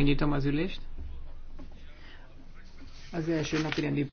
Megnyitom az ülést. Az első napi rendi